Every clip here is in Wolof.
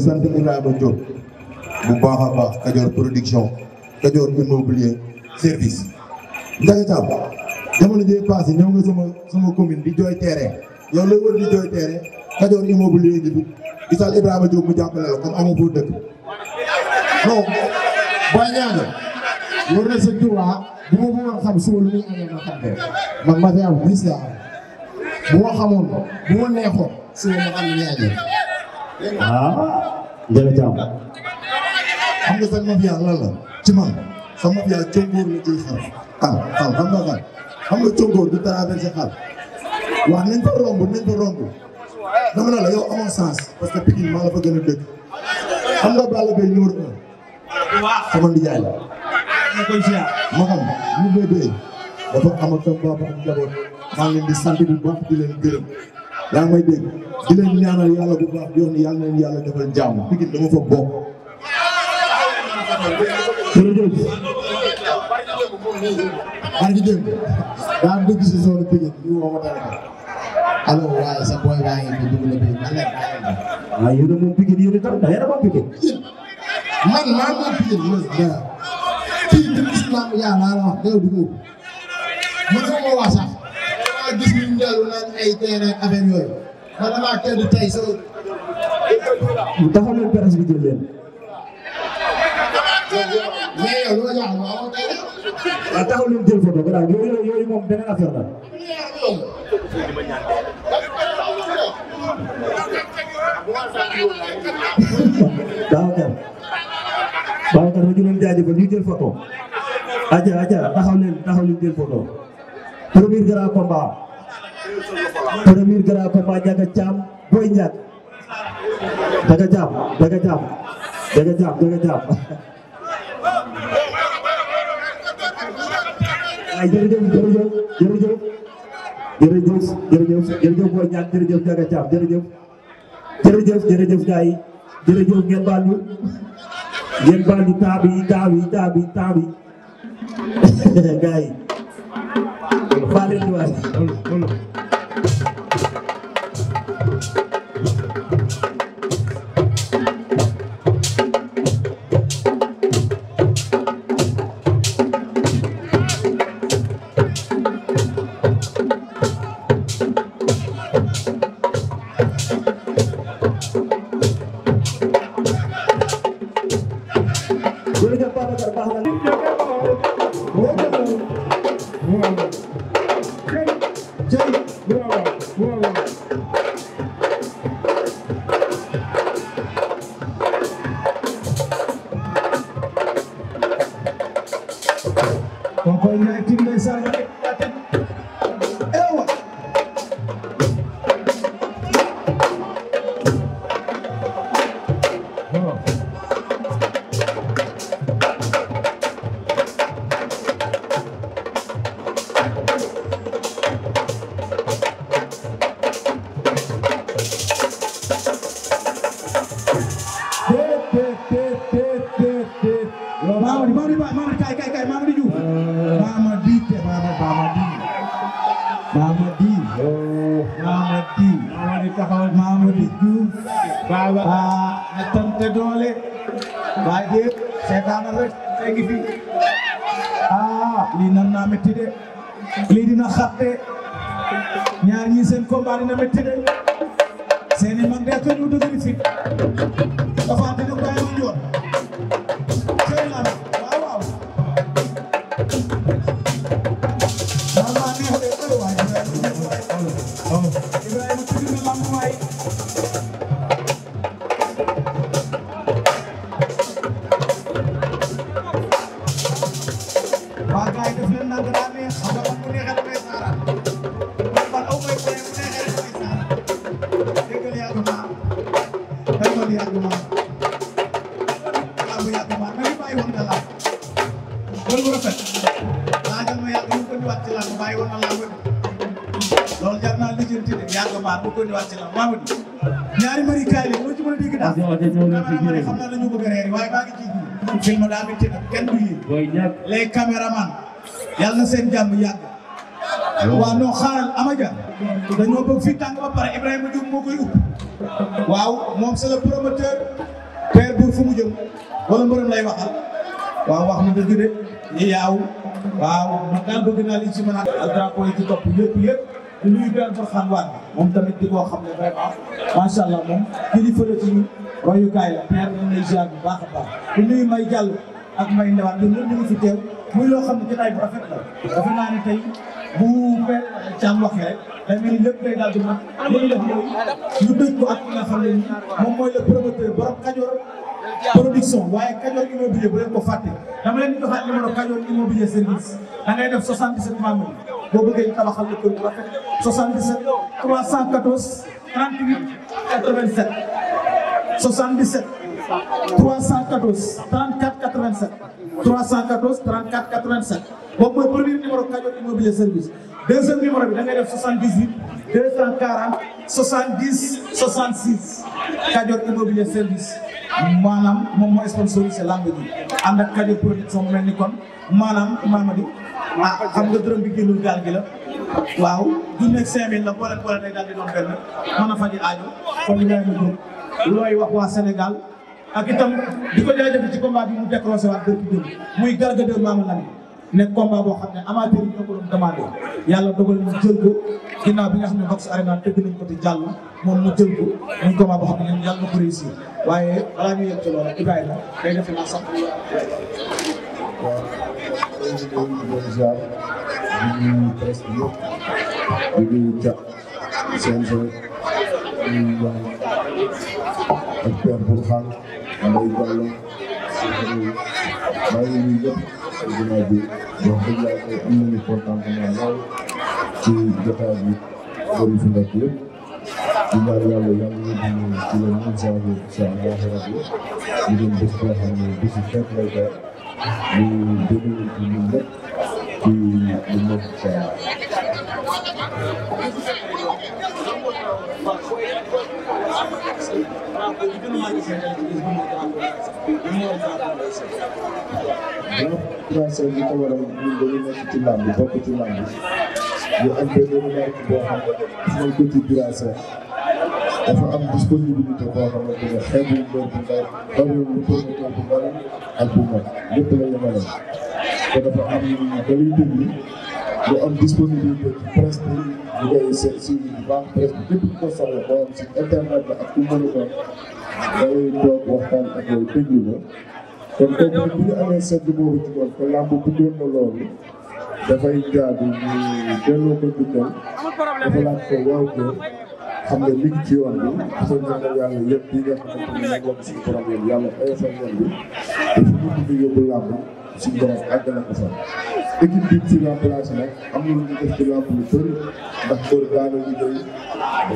sant Ibrahima Diop bu baax a baax Kajoor production Kajoor immobilier service. Ndiaga Thiam jamono jëye passé nga sama sama commune di jooy terrain yow looy wër di jooy terrain Kajoor immobilier gi di sant Ibrahima Diop mu jàppale la comme amoo foo dëkk non booy ñaanal wër na sa tubaab bu ma bëggoon ma tàggee man ma fi am bis ma ma neexoon suba ma Ndiaga Thiam. xam nga sa mafia lan la ci man sa mafia cóngóor la ciy xar xar ah, xar xam nga xar xam nga cóngóor du traversé xar waaw nañ ko romb nañ ko romb dama ne la yow amoo sens parce que Pikine maa la fa gën a dëkk xam nga Balla Gaye numéro un sama nijaay la ma koy ziar ma xam mu bébé dafa am ak sa bopp ak njaboot maa ngi leen di sant bu baax di leen gërëm yaa ngi may dégg di leen ñaanal yàlla bu baax yoon yàlla na leen yàlla defal jàmm Pikine dama fa bokk. jërëjëf. maa ngi dégg daa dugg si zone Pikine ñu woo ko dara allo waaye sa boy gaa ngi fi dugg na Pikine nan la waaye yéen a moom Pikine yéen itam da ngeen a moom Pikine. man maa ngi Pikine man dara kii dëkk islam yaa laa la wax dëgg dugg mën na ma wax sax gis dellu naan ay terrain affaire yooyu man damaa tëdd tey sa. taxaw leen presse bi jël leen. mais yow lu ma jaaxal waaw waaw kay. waaw ah, taxaw leen jël photo bi premier grand combat Ndiaga Thiam Boy Ndiaye Ndiaga Thiam Ndiaga Thiam Ndiaga Thiam Ndiaga Thiam ay jërëjëf jërëjëf jërëjëf jërëjëf jërëjëf jërëjëf Boy Ndiaye jërëjëf Ndiaga Thiam jërëjëf jërëjëf jërëjëf gars yi jërëjëf ngeen baal ñu ngeen baal ñu taa bi taa bi taa bi taa bi gars yi baal leen waay tax taxawal Mamadou Diouf baba a tante doole ba jeex seetaana rek léegi fi ah lii ñi seen combat bëggoon wax ci la Mamadou ñaari mari kaay la loo mën a dégg daal caméraman xam naa dañu bëgg a reer waaye maa ngi ciy film daa métti nag kenn du yéen les caméraman na seen jàmm yàgg waaw non xaaral Amadia dañoo bëgg fii tàng ba pare Ibrahima Diouf moo koy upp waaw moom c'est le promoteur père Bour fu mu jëm wala mbërëm lay waxal waaw wax na dëgg de yaaw waaw man daal bëgg naa li ci mën a drapeau yi ci topp yëpp yëpp du ñuy benn Burkhane Wane moom tamit di koo xam ne vraiment macha allah moom kilifa la ci royukaay la père ñu lay ziar bu baax a baax di nuyu may jàll ak may ndewaan di ñun ñu ngi fi teew muy loo xam ne jotaay bu rafet la dafa naa ne tey bu père Thiam waxee rek day mel ni lépp day daal di mat li ñu def mooy ñu dëj ko ak xam ne ni moom mooy le promoteur borom Kajoor production waaye Kajoor immobilier bu leen ko fàtte dama leen di joxaat numéro Kajoor immobilier service da ngay def 77 maam yi boo bëggee tabaxal la kër bu rafet 77 314 38 87 77 314 34 87 314 34 87 boobu mooy premier numéro Cadior Immobilier Service deuxième numéro bi da ngay def 78 240 70 66 Cadior Immobilier Service maanaam moom moo sponsorisé lamb ji ànd ak Cadior production mu mel ni kon maanaam Mamadi ah xam nga dërëm bi génnul gaal la waaw junni ak cinq mille la boole boole day daal di doon benn mën a faji wax waa Sénégal ak itam di ko jaajëf ci combat bi mu décroché waat muy Garga 2 Mama xam ne amateur yi ñoo ko doon demandé yàlla dogal mu jël ko ginnaaw bi te jàll moom mu jël ko muy combat boo xam ne ñun yàlla na waaye balaa ñuy yegg ci loolu Ibrahima day defe naa sax. leen di nuyu di leen ziar di nuyu presse bi yëpp di nuyu Dia CNG di nuyu Ndiaye ak Père Bourkhane Ndeye Diallo maa ngi nuyu ñëpp dinaa bi wax dëgg yàlla tey am nañu contentement lool ci jotaay bi bëri fi nekk yëpp di ñaan yàlla yàlla yóbbu ñu ci le 9 janvier incha allah rabbi ñu doon bés boo xam ne bésu fête lay doon ñu déglu ci ñun lépp ci lu mot sa financé bi ko waral ñun dañu nekk ci làmb bokk ci làmb yu am benn marque boo xam ne mooy petit brasser dafa am disponibilité boo xamante ne xeebuñ loolu bu ndaw bariwul lu promoteur bu am dañuy déglu ci presse bi ñu koy seet suivi bu baax képp ko soxla boo am si internet la ak ku mën a doon day toog waxtaan ak loolu te làmb bëggoon na loolu ko dundal dafa laaj ko waaw ko xam ne mi ngi ci yoon bi soo ñaanal yàlla yëpp yi nga xamante ne nag moom suñu borom yëpp yàlla oyofal yoon bi te fu mu tudd yóbbu làmb suñu borom àggale ko fa. équipe bi ci remplacé nag am na lu ñu def ci làmb lu bëri ndax bëri daanoo ñu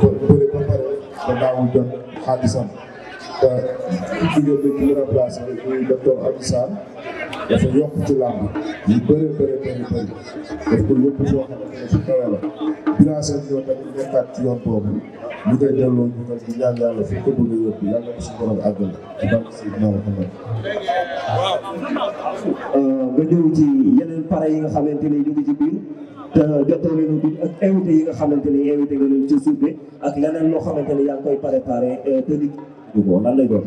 koy bëri ba pare ba daawul jot xaalisam te ñu jógee ba ci remplacé muy docteur Abdou Sall dafa yokk ci làmb yu bëree bëri bëri bëri daf ko yóbbu foo xamante ne fu kawe la bilan seen yoon tamit nekkaat ci yoon boobu ñu koy delloo ñu ngi di ñaan yàlla fi ko bëgg a yóbbu yàlla ko suñu borom àggal ci barke Seydina Muhammad nga ñëw ci yeneen pare yi nga xamante ne ñu ngi ci biir te jottoo leen bi ak invité yi nga xamante ne invité nga leen ci suuf bi ak leneen loo xamante ne yaa ngi koy préparé euh, te li lan lay doon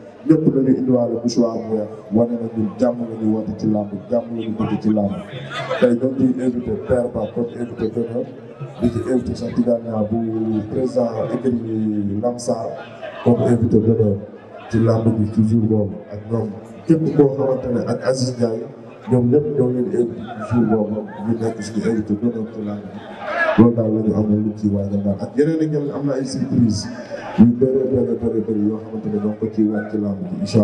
lépp dañuy indiwaale bouchoir bu weex wane na ñun jàmm la ñuy woote ci làmb jàmm la ñu bëgg ci làmb tey ñoo ngi ciy invité Père Ba comme invité Vénère di ci te sax Tidjania bu président écurie Lamsar comme invité Vénère ci ci jour boobu ak ñoom képp koo xamante ne ak Aziz Ndiaye ñoom ñëpp ñoo leen invité ci jour boobu ñu nekk suñu invité Vénère ci làmb bi loolu daal la ñu amoon lu ci waajal daal ak yeneen ak am na ay surprise yu bëree bëri bëri bëri yoo xamante ne donc ci waat ci làmb ji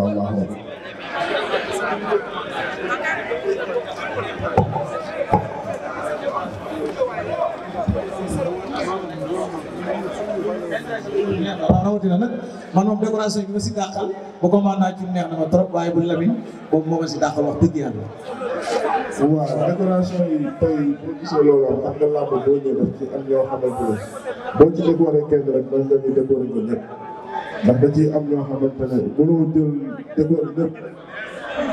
incha allah. rawatina nag. man moom décoration bi ma si dàqal ba commande naa ci neex na ma trop waaye bu Lamine boobu moo ma si dàqal wax dëgg yàlla. waaw décoration yi tey bu gisee loolu am nga làmb boo ñëwee ci am ñoo xamante ne boo ci décoré kenn am ñoo xamante ne mënoo jël décoré ñëpp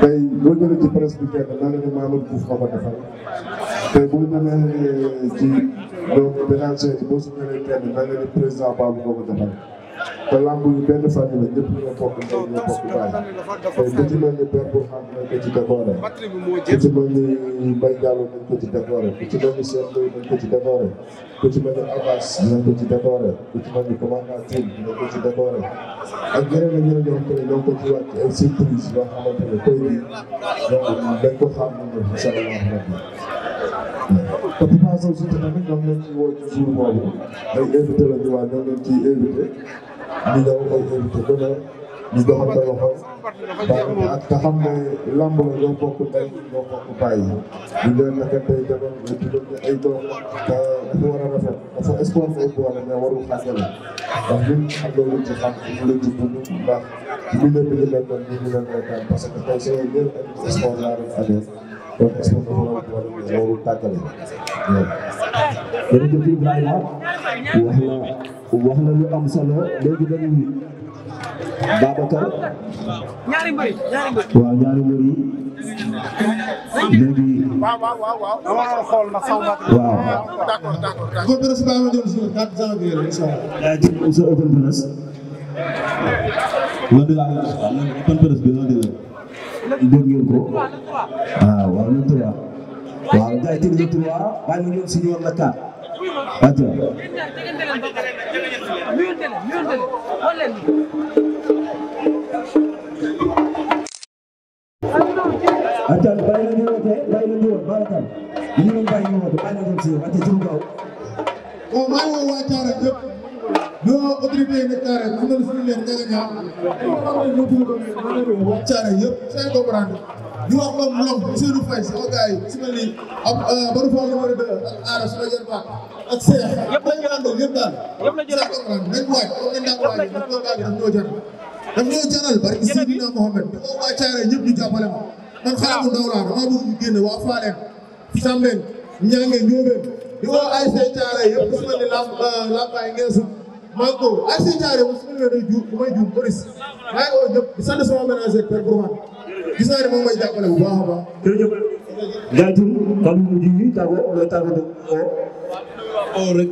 tey boo jëlee ci presse bi ci donc bénéficiaire bi kenn naa eh, ne président Babou nga ko defal. te làmb yi benn famille la ñëpp ñoo bokk ndey ñoo bokk baay tey ku ci mel ni père bu xam nañ ko ci décoré ku ci mel ni Mbaye Diallo nañ ko ci décoré ku ci mel ni Cheikh Ndoye nañ ko ci décoré ku ci mel ni Abbas nañ ko ci décoré ku ci mel ni commandant Tine nañ ko ci décoré ak ñeneen ak ñeneen ñoo xam ne ñoo ko ci wàcc ay surprise yoo xamante ne tey jii donc dañ ko xam nañ ko ci sama te Papa Sow surtout tamit ñoom leen ci woo ci jour boobu ay invité la ci waa de leen ciy invité ñu daw ay invité ku ne ñu doxante loxo ak te xam ne lamb la ñoo bokk ndey ñoo bokk baay ñu leen nekkantey jamono ñu tuddal ñu ay doom te dafa war a rafet sport fa ëpp wala mais warul xàggale ci xam ñu leen ci dund ndax ci milieu bi parce que sport laa rek amee donc sport dafa a warul tàggale jërëjëf Ibrahima wax na wax na lu am solo léegi dañuy Babacar ñaari mbër waaw ñaari mbër yi léegi waaw waaw waaw dama xool na sama d'accord d'accord ko presse ba ma dem sur 4 janvier inshallah ci sa open press loolu la open press bi loolu la dégg ngeen ko waaw waaw waaw gars yi tëj na 3 waaye mu ñëw si ñu war la 4. rajo. rajo bàyyi la ñu woote bàyyi la ñu woote baarakal ñu ngi doon bàyyi ñu woote bàyyi la ñu si rajo ci kaw. bon maa ngi woo waa Thiaré yëpp ñoo autorité yi nekk Thiaré ñu ngi leen suñu leen njëriñ ñaar. waa Thiaré yëpp c'est comprendre. di wax loolu loolu Seydou Faye sama gars yi su ma nii ab euh, Badou Fall numéro 2 ak Aara su ma jël baat ak Seex yëpp la ñu àndoon yëpp daal. yëpp la jëlaat nañ waaj comme ni ñu daan waajee daf ñoo jaral daf ñoo jaral barki Seydina Mohamed di ko waa Thiaré ñëpp ñu jàppale ma man xale bu ndaw laa dama bëgg ñu génne waa Faaleen Sambeen Ñaange Njóobeen di woo ay say Thiaré yëpp su ma ni lamb euh, lambaay ngeesu manko ay say Thiaré bu su ma nee day jur bu may jur bëris maa ngi woo ñëpp di sant sama ménager Père Gourmand gis naa ne moom may jàppale bu baax a baax. jërëjëf gars yi kon ñu ngi tàggoo looy tàggoo rek.